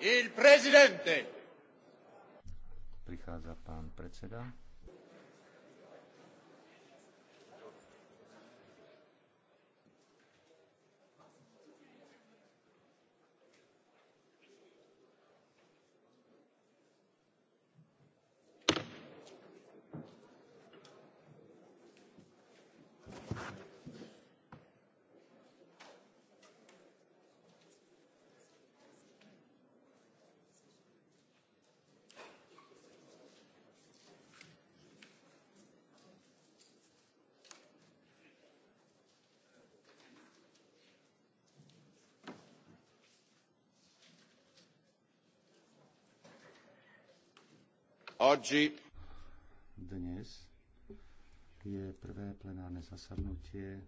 Il presidente. Prichádza pán predseda. Oggi dnes je prvé plenárne zasadnutie